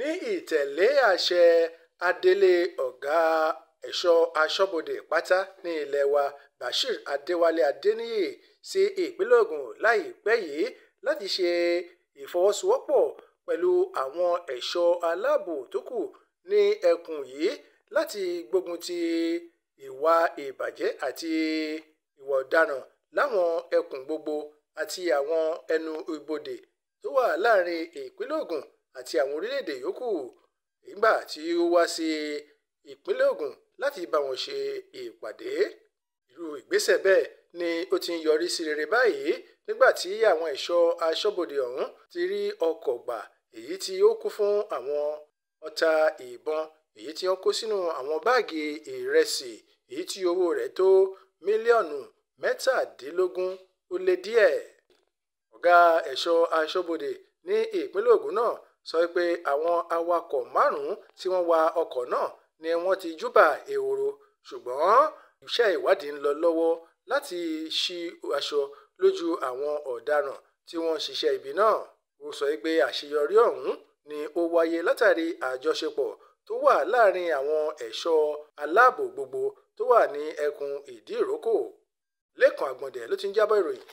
ní ìtẹ̀lé àṣẹ adelé ọ̀gá ẹ̀ṣọ́ aṣọ́bodè pátá ní ilẹ̀ wa Bashir Adéwálé Adéníyì sí ìpínlẹ̀ Ògùn láìpẹ́ yìí láti ṣe ìfọwọ́sowọ́pọ̀ pẹ̀lú àwọn ẹ̀ṣọ́ aláàbò tó kù ní ẹkùn yìí láti gbógun ti ìwà ìbàjẹ́ àti ìwà ọ̀daràn láwọn ẹkùn gbogbo àti àwọn ẹnu ibodè tó wà láàrin ìpínlẹ̀ Ògùn àti àwọn orílẹ̀-èdè yòókù nígbà tí ó wá sí ìpínlẹ̀ Ògùn láti bá wọn ṣe ìpàdé irú ìgbésẹ̀ bẹ́ẹ̀ ni ó ti ń yọrí sí rere báyìí nígbà tí àwọn ẹ̀ṣọ́ aṣọ́bodè ọ̀hún ti rí ọkọ̀ gbà èyí tí ó kún fún àwọn ọta ìbọn èyí tí wọ́n kó sínú àwọn báàgì ìrẹsì èyí tí owó rẹ̀ tó mílíọ̀nù mẹ́tàdínlógún ó lé díẹ̀ ọ̀gá ẹ̀ṣọ́ aṣọ́bodè ní ìpínlẹ̀ Ògùn náà sọ pé àwọn awakọ̀ márùn-ún tí wọ́n wa ọkọ̀ náà ni wọ́n ti júbà ehoro ṣùgbọ́n iṣẹ́ ìwádìí ń lọ lọ́wọ́ láti ṣí aṣọ lójú àwọn ọ̀daràn tí wọ́n ń ṣiṣẹ́ ibi náà ó sọ pé àṣeyọrí ọ̀hún ni ó wáyé látàrí àjọṣepọ̀ tó wà láàrin àwọn ẹ̀ṣọ́ aláàbò gbogbo tó wà ní ẹkùn ìdíròkò lẹ́kàn àgbọ̀ndẹ̀ ló ti ń jábọ̀ ìròyìn